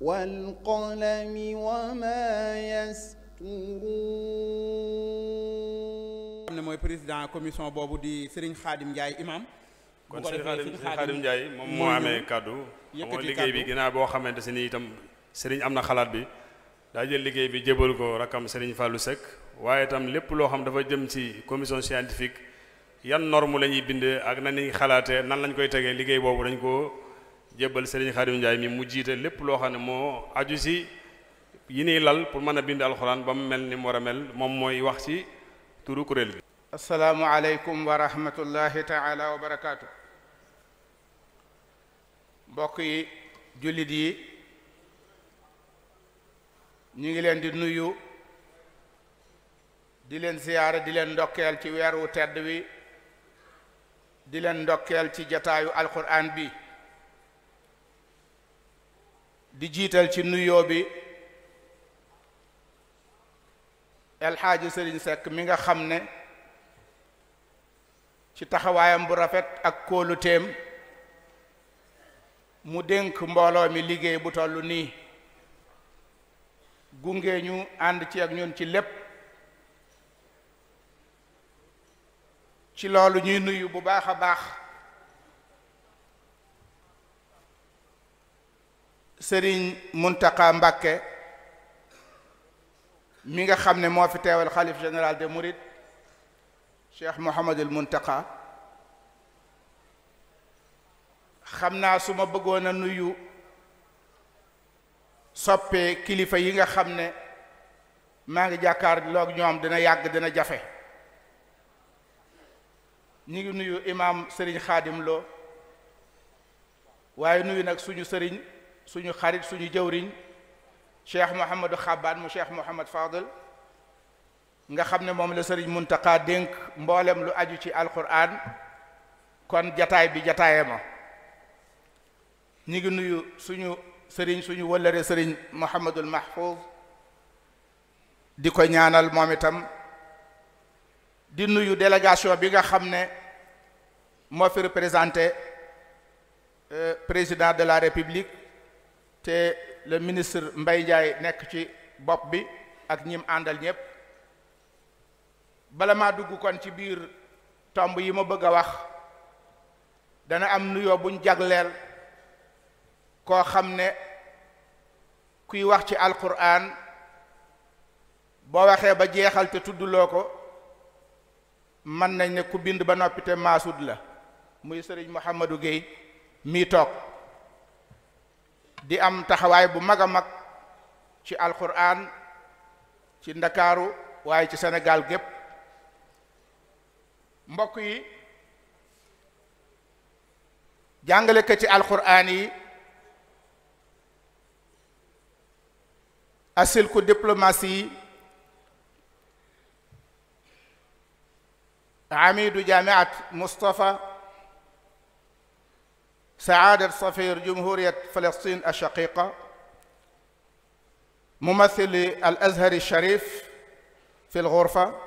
والقلم وما يسطرون. xam mooy président commission boobu di Serigne Khadim Ndiaye imam. kon Serigne Khadim Khadim Ndiaye moom moo amee kàddu. yëkkati liggéey bi ginnaaw boo xamante ni itam Serigne am na xalaat bi. daa jël liggéey bi jébal ko rakam Serigne Fallou Seck waaye itam lépp loo xam dafa jëm ci commission scientifique yan norme la ñuy bindee ak na la xalaatee nan lañ koy tegee liggéey boobu dañ ko jébbal Serigne Xaadim Njaay mi mu jiite lépp loo xam ne moo aju si yi niy lal pour mën a bind alxuraan ba mu mel ni mu war a mel moom mooy wax ci turu kuréel bi asalaamualeykum wa rahmatullahi taala wa barakaatu mbokk yi jullit yi ñu ngi leen di nuyu di leen siyaare di leen ndokkeel ci weer wu tedd wi di leen ndokkeel ci jataayu alxuraan bi di jiital ci nuyoo bi El Sëriñ Seck mi nga xam ne ci taxawaayam bu rafet ak kóoluteem mu dénk mbooloo mi liggéey bu toll nii gunge ñu ànd ci ak ñun ci lépp ci loolu ñuy nuyu bu baax a baax sëriñ Muntaqa Mbàkke mi nga xam ne moo fi teewal xalif général de Mourid Cheikh Mouhamadul Muntaqa xam naa su ma bëggoon a nuyu soppee kilifa yi nga xam ne maa ngi jàkkaar loog ñoom dina yàgg dana jafe ñu ngi nuyu imaam sëriñ Xaadim Lo waaye nuyu nag suñu sëriñ suñu xarit suñu jëwriñ cheikh Mouhamadou Xabbaan mu cheikh Mouhamad Fadel nga xam ne moom la sëriñ Muntaqa dénk mboolem lu aju ci alquran kon jataay bi jataaye ma ñu ngi nuyu suñu sëriñ suñu wëllëre sëriñ Mouhamadul Mahfouz di ko ñaanal moom itam di nuyu délégation bi nga xam ne moo fi représenté euh, président de la république te le ministre Mbaye Ndiaye nekk ci bopp bi ak ñim àndal ñépp bala maa dugg kon ci biir tomb yi ma bëgg a wax dana am nuyoo buñ jagleel koo xam ne kuy wax ci alquran boo waxee ba jeexal te tuddloo ko mën nañ ne ku bind ba noppite te la muy sëriñ Mouhamadou Guèye mii toog di am taxawaay bu mag a mag ci alquran ci ndakaaru waaye ci Sénégal gépp mbokk yi jàngalekat ci alquran yi asilku diplomatie amidu jamiat Moustapha سعادة سفير جمهورية فلسطين الشقيقة ممثل الأزهر الشريف في الغرفة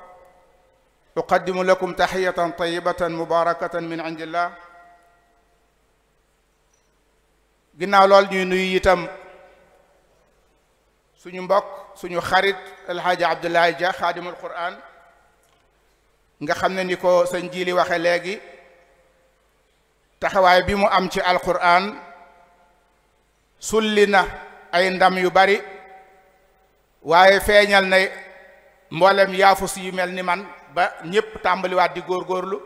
أقدم لكم تحية طيبة مباركة من عند الله ginnaaw lool ñuy nuyu itam suñu mbokk suñu xarit alxaaji Abdoulaye Dia xaadimul Qur'an nga xam ne ni ko sëñ Jili waxe léegi taxawaay bi mu am ci alquran sulli na ay ndam yu bari waaye feeñal na mboolem yaafus yu mel ni man ba ñépp tàmbaliwaat di góorgóorlu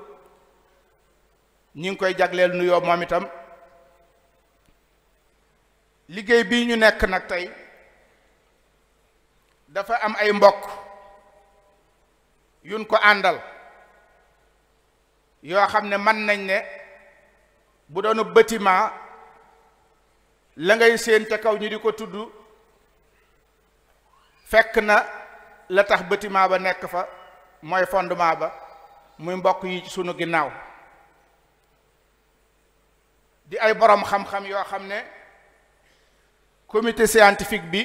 ñi ngi koy jagleel nuyoo moom itam liggéey bi ñu nekk nag tey dafa am ay mbokk yuñ ko àndal yoo xam ne mën nañ ne bu doonu bâtiment la ngay séen ca kaw ñi di ko tudd fekk na la tax bâtiment ba nekk fa mooy fondement ba muy mbokk yi suñu ginnaaw di ay borom xam-xam yoo xam ne comité scientifique bi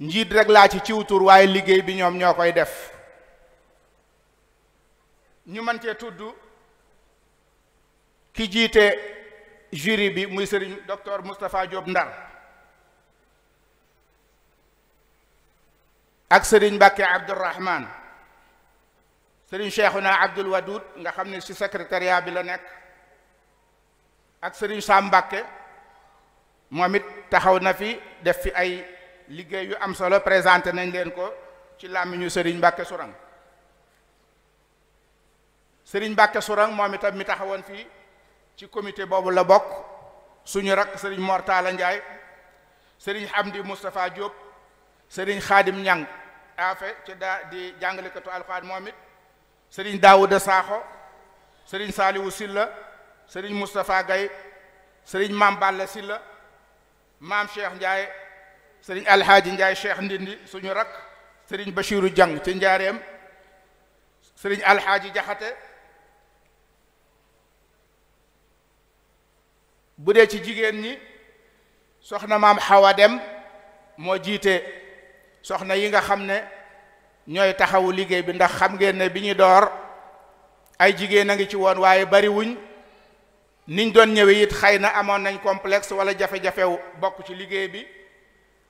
njiit rek laa ci ciwtur waaye liggéey bi ñoom ñoo koy def ñu mën cee tudd ki jiite juri bi muy sëriñ docteur Moustapha Diop Ndar ak sëriñ Mbàkke Abdourahman sëriñ Cheikhuna Abdoul Wadoud nga xam ne ci secrétariat bi la nekk ak sëriñ Sam Mbàkke moom it taxaw na fi def fi ay liggéey yu am solo présenté nañ leen ko ci làmmiñu sëriñ Mbàkke Sourang sëriñ Mbàkke Sourang moom itam mi taxawoon fii ci comité boobu la bokk suñu rakk sëriñ Mortala Ndiaye sëriñ Hamdi Moustapha Diop sëriñ Xaadim Ñang afe ci daa di jàngalekatu alxuraan moom it sëriñ Daawuda Saaxo sëriñ Saaliwu Silla sëriñ Moustapha Gaye sëriñ Maam Balla Silla maam Cheikh Ndiaye sëriñ Alhaaji Ndiaye Cheikh Ndindi suñu rakk sëriñ Bachiru Jang ci njaareem sëriñ Alhaaji Jaxate bu dee ci jigéen ñi soxna maam xawa dem moo jiite soxna yi nga xam ne ñooy taxawu liggéey bi ndax xam ngeen ne bi ñu door ay jigéen a ngi ci woon waaye bariwuñ niñ doon ñëwee it xëy na amoon nañ complexe wala jafe-jafe bokk ci liggéey bi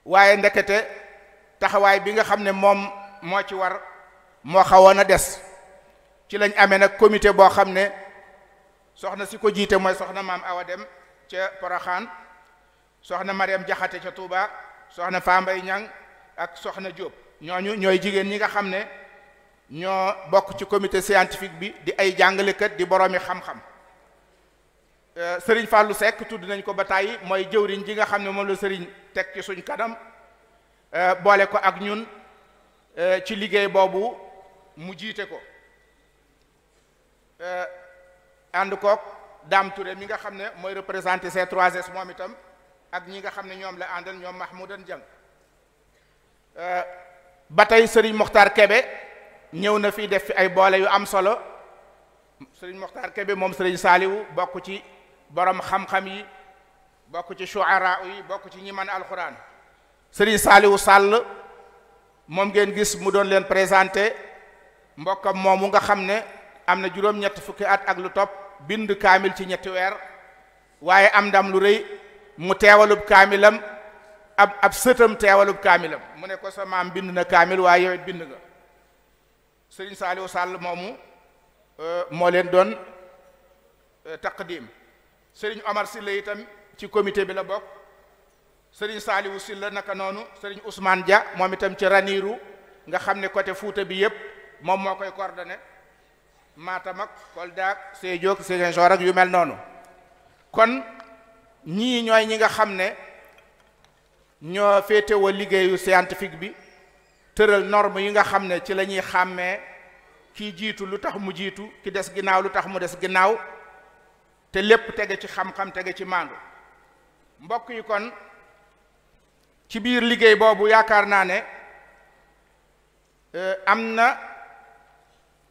waaye ndekete taxawaay bi nga xam ne moom moo ci war moo xawoon a des ci lañ amee nag comité boo xam ne soxna si ko jiite mooy soxna maam awa dem ca Poroxaan soxna Mariam Jaxate ca Touba soxna Fambay Ñang ak soxna Diop ñooñu ñooy jigéen ñi nga xam ne ñoo bokk ci comité scientifique bi di ay jàngalekat di boroomi xam-xam euh, Serigne Fallou Seck tudd nañ ko ba tàyyi mooy jëwriñ ji nga xam ne moom la Serigne teg ci suñ kanam euh, boole ko ak ñun euh, ci liggéey boobu mu jiite ko ànd kook Dame Touré mi nga xam ne mooy représenté trois 3 s moom itam ak ñi nga xam ne ñoom la àndal ñoom Mahmoudan jang euh, ba tey Serigne Mokhtar Kebe ñëw na fii def fi ay boole yu am solo Serigne Mokhtar Kebe moom Serigne Saliou bokk ci borom xam-xam yi bokk ci shuara yi bokk ci ñi man alxuraan Serigne Saliou sàll moom ngeen gis mu doon leen présenté mbokkam moomu nga xam ne am na juróom-ñett fukki at ak lu topp. bind kaamil ci ñetti weer waaye am ndam lu rëy mu teewalub kaamilam ab ab sëtam teewalub kaamilam mu ne ko sa maam bind na kaamil waaye yow bind nga sëriñ Saliou sàll moomu euh, moo leen doon euh, taqdim sëriñ Omar Silla itam ci comité bi la bokk sëriñ Saliou Silla naka noonu sëriñ Ousmane Dia moom itam ci Ranirou nga xam ne côté Fuuta bi yëpp moom moo koy coordonné Matam ak Kolda ak Sédhiou ak Ziguinchor yu mel noonu kon ñii ñooy ñi nga xam ne ñoo féetewoo liggéeyu scientifique bi tëral norme yi nga xam ne ci lañuy xàmmee kii jiitu lu tax mu jiitu ki des ginnaaw lu tax mu des ginnaaw te lépp tege ci xam-xam tege ci maandu mbokk yi kon ci biir liggéey boobu yaakaar naa ne euh, am na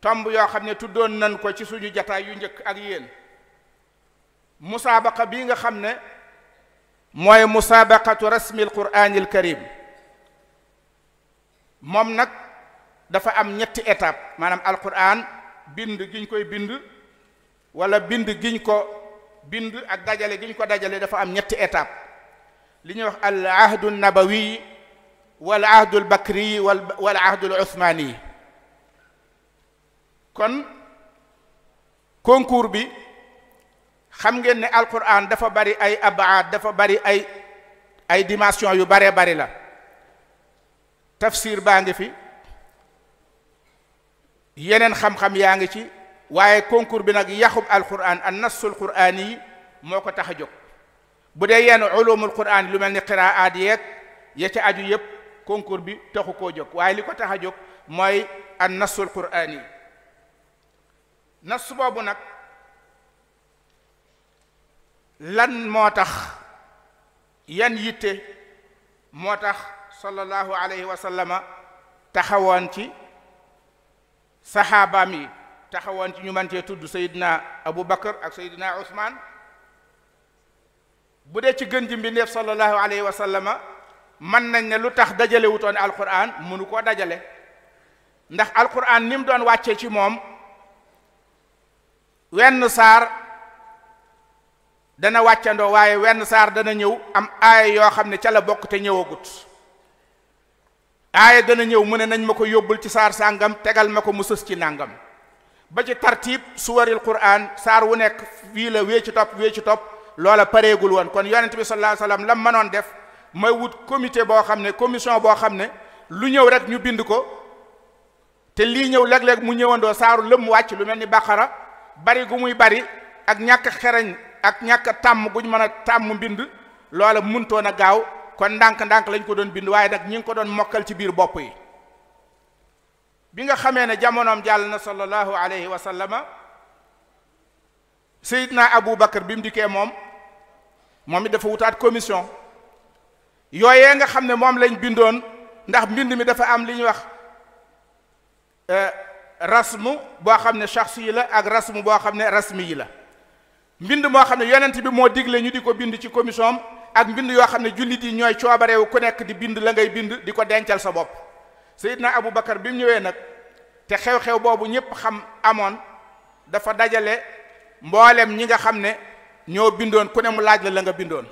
tomb yoo xam ne tuddoon nan ko ci suñu jataay yu njëkk ak yéen musaabaqa bii nga xam ne mooy musaabaqatu rasmil quraanil karim moom nag dafa am ñetti étape maanaam alquran bind giñ koy bind wala bind giñ ko bind ak dajale giñ ko dajale dafa am ñetti étape li ñuy wax al ahdu nabawi wal ahdu al bakri wal ahdu al usmaani kon konkur bi xam ngeen ne alquran dafa bari ay abaat dafa bari ay ay dimension yu baree bari la tafsir baa ngi fi yeneen xam-xam yaa ngi ci waaye concours bi nag yaxub alquran an nassul quraan yi moo ko tax a jóg bu dee yenn ulumul quraan lu mel ni qiraat yeeg ya ca aju yépp concours bi taxu koo jóg waaye li ko tax a jóg mooy an nassul quraan yi na nas boobu nag lan moo tax yan yitte moo tax sallallahu alayhi wa sallama taxawoon ci saxaabaam yi taxawoon ci ñu mën cee tudd Seydina Abu Bakar ak Seydina Ousmane bu dee ci gën ji mbindeef sallallahu alayhi wa sallama mën nañ ne lu tax dajale wutoon alquran mënu koo dajale ndax alquran ni mu doon wàccee ci moom. wenn saar dana wàccandoo waaye wenn saar dana ñëw am aaya yoo xam ne ca la bokk te ñëwagut aaya dana ñëw mu ne nañ ma ko yóbbul ci saar sàngam tegal ma ko mu sës ci nàngam ba ci tartiib suwaril quraan saar wu nekk fii la wee ci topp wee ci topp loola pareegul woon kon yonent bi sallallahu alayhi wasallam lam mënoon def mooy wut comité boo xam ne commission boo xam ne lu ñëw rek ñu bind ko te lii ñëw léeg-léeg mu ñëwandoo saaru lëm wàcc lu mel ni baqara bari gu muy bari ak ñakk xereñ ak ñàkk tàmm guñ mën a tàmm mbind loola muntoon a gaaw kon ndànk-ndànk lañ ko doon bind waaye nag ñi ngi ko doon mokkal ci biir bopp yi bi nga xamee ne jamonoom jàll na sallallahu alayhi wa sallama na Abu Bakar bi mu dikkee moom moom it dafa wutaat commission yooyee nga xam ne moom lañ bindoon ndax mbind mi dafa am li ñuy wax euh, rasmu boo xam ne shaxsi yi la ak rasmu boo xam ne rasmi yi la mbind moo xam ne yonent bi moo digle ñu di ko bind ci commission am ak mbind yoo xam ne jullit yi ñooy coobareewu ku nekk di bind la ngay bind di ko dencal sa bopp na Abu Bakar bi mu ñëwee nag te xew-xew boobu ñëpp xam amoon dafa dajale mboolem ñi nga xam ne ñoo bindoon ku ne mu laaj la la nga bindoon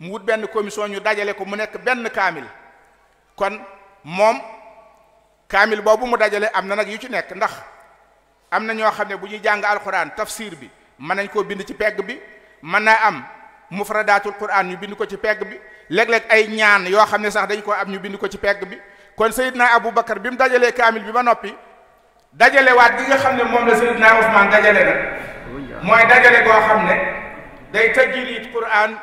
mu wut benn commission ñu dajale ko mu nekk benn kaamil kon moom kaamil boobu mu dajale am na nag yu ci nekk ndax am na ñoo xam ne bu ñuy jàng alquran tafsir bi mën nañ koo bind ci pegg bi mën naa am mufradatul quran ñu bind ko ci pegg bi léeg-léeg ay ñaan yoo xam ne sax dañ koo am ñu ko ci pegg bi kon Seydina Aboubacar bi mu dajalee kaamil bi ba noppi dajale waat gi nga xam ne moom la Seydina Ousmane dajale na mooy dajale goo xam ne day tajliid quran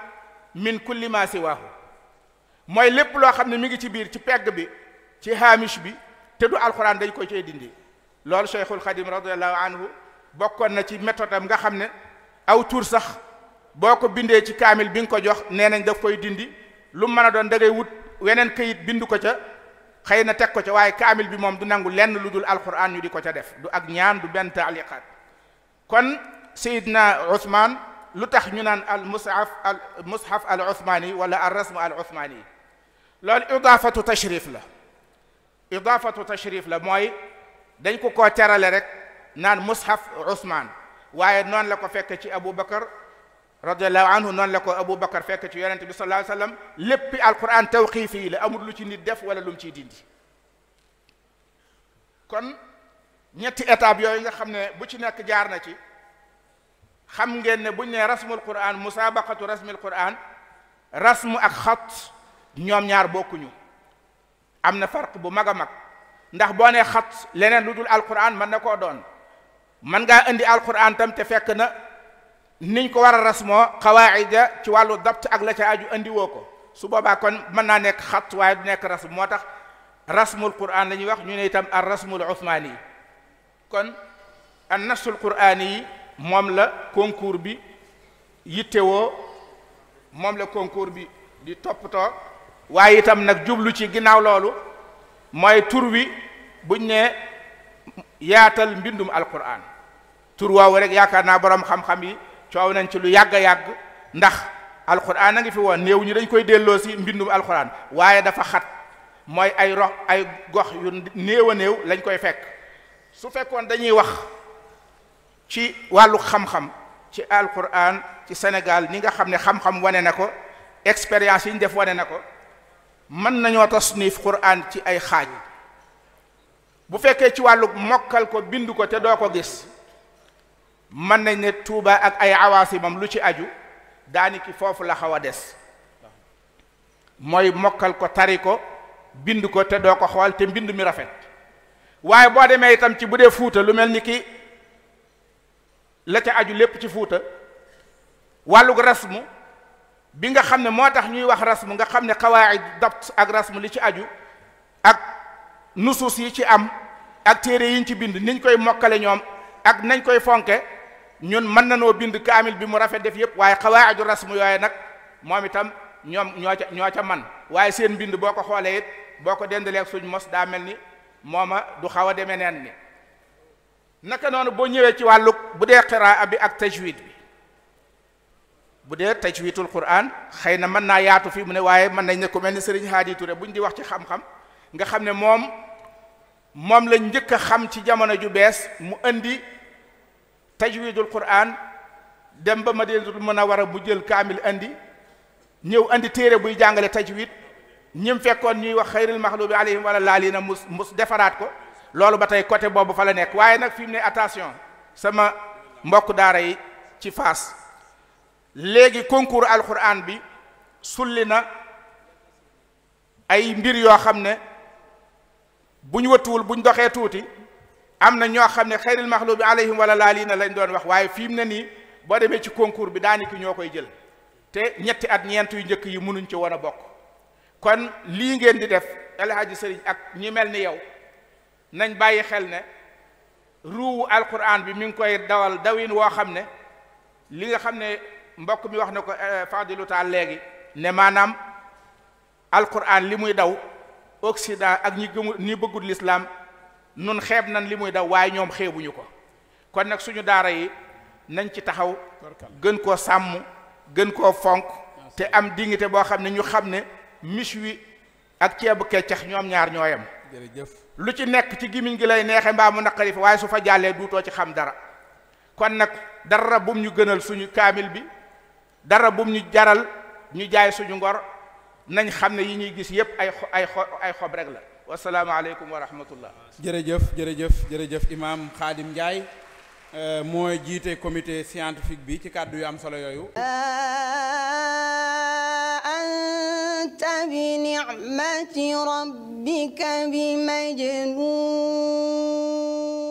min kulli ma siwaahu mooy lépp loo xam ne mu ngi ci biir ci pegg bi ci haamish bi te du alxuraan dañ koy cay dindi loolu cheikhul xadim radiallahu anhu bokkoon na ci méthode am nga xam ne aw tur sax boo ko bindee ci kaamil bi nga ko jox nee nañ daf koy dindi lu mën a doon da wut weneen këyit bindu ko ca xëy na teg ko ca waaye kaamil bi moom du nangu lenn lu dul alxuraan ñu di ko ca def du ak ñaan du benn taaliqaat kon sayidna Ousmane lu tax ñu naan al mushaf al mushaf al usmaani wala al rasmu al usmaani loolu idaafatu tashrif la idaafatu tashrif la mooy dañ ko koo terale rek naan mushaf waaye noonu la ko fekk ci abou bakar radiallahu anhu noonu la ko abou bakar fekk ci yonente bi sallallahu alayhi wasallam léppi alquran tawqiifi yi la amul lu ci nit def wala lu mu ciy dindi kon ñetti étape yooyu nga xam ne bu ci nekk jaar na ci xam ngeen ne buñ ne rasmul quran musabaqatu rasmil quran rasmu ak xat ñoom ñaar bokkuñu am na farq bu mag a mag ndax boo nee xat leneen lu dul alquran mën na koo doon mën ngaa indi alquran tam te fekk na niñ ko war a rasmoo xawaayida ci wàllu dapt ak la ci aju indiwoo ko su boobaa kon mën naa nekk xat waaye du nekk rasm moo tax rasmul quran la ñuy wax ñu ne itam ar rasmul usmaani yi kon an nasul quraani moom la concours bi yittewoo moom la concours bi di toppatoo waaye itam nag jublu ci ginnaaw loolu mooy tur wi buñ ne yaatal mbindum alquran tur woowu rek yaakaar naa borom xam-xam yi coow nañ ci lu yàgg a yàgg ndax alquran a ngi fi woon néew ñi dañ koy delloo si mbindum alquran waaye dafa xat mooy ay ay gox yu néew a néew lañ koy fekk su fekkoon dañuy wax ci wàllu xam-xam ci alquran ci Sénégal ñi nga xam ne xam-xam wane na ko expérience yi ñu def wane na ko mën nañoo tasnif quraan ci ay xaaj bu fekkee ci wàllu mokkal ko bind ko te doo ko gis mën nañ ne tuuba ak ay moom lu ci aju daani ki foofu la xaw a des mooy mokkal ko tari ko bind ko te doo ko xool te mbind mi rafet waaye boo demee itam ci bu dee fuuta lu mel ni ki la ca aju lépp ci fuuta wàllug rasmu bi nga xam ne moo tax ñuy wax mu nga xam ne xawaayid dabt ak rasmu li ci aju ak nu nusuus yi ci am ak téere yiñ ci bind niñ koy mokkale ñoom ak nañ koy fonke ñun mën nanoo bind kaamil bi mu rafet def yëpp waaye xawaayidu rasmu yooyu nag moom itam ñoom ñoo ca ñoo ca man waaye seen bind boo ko xoolee it boo ko dendalee ak suñ mos daa mel ni mooma du xaw a demee neen ni naka noonu boo ñëwee ci wàllu bu dee qiraa bi ak tajwid bi bu dee tajwidul quran xëy na mën naa yaatu fii mu ne waaye man nañ ne ku mel ni Serigne Hadi Touré buñ di wax ci xam-xam nga xam ne moom moom lañ njëkk a xam ci jamono ju bees mu indi tajwidul quran dem ba ma a war a mu jël kaamil indi ñëw indi téere buy jàngale tajwid ñim fekkoon ñuy wax xayril maxlubi alayhim wala laalina mus mus defaraat ko loolu ba tey côté boobu fa la nekk waaye nag fi mu ne attention sama mbokk daara yi ci faas léegi concours alquran bi sulli na ay mbir yoo xam ne buñ wëttuwul buñ doxee tuuti am na ñoo xam ne xayril maxlubi alayhim wala na lañ doon wax waaye fi mu ne nii boo demee ci concours bi daaniki ñoo koy jël te ñetti at ñeent yu njëkk yi mënuñ ci war a bokk kon lii ngeen di def El Hadji Sëriñ ak ñi mel ni yow nañ bàyyi xel ne ruuwu alquran bi mi ngi koy dawal dawin woo xam ne li nga xam ne mbokk mi wax na ko eh, Fadilu Taal léegi ne maanaam alquran li muy daw Occident ak ñi gëmul ñi bëggul lislaam nun xeeb nan li muy daw waaye ñoom xeebuñu ko kon nag suñu daara yi nañ ci taxaw gën koo sàmm gën koo fonk te am dignité boo xam ne ñu xam ne miche wi ak ceebu keccax ñoom ñaar ñooyam jërëjëf lu ci nekk ci gimiñ gi lay neexe mbaa mu naqari fa waaye su fa jàllee duutoo ci xam dara kon nag dara bum ñu gënal suñu kaamil bi dara bum ñu jaral ñu jaay suñu ngor nañ xam ne yi ñuy gis yépp ay xob rek la wasalaamaaleykum wa rahmatullah jërëjëf jërëjëf jërëjëf imaam Xaadim Njaay euh, mooy jiite comité scientifique bi ci kàddu yu am solo yooyu anta bi ni'mati rabbika bi majnun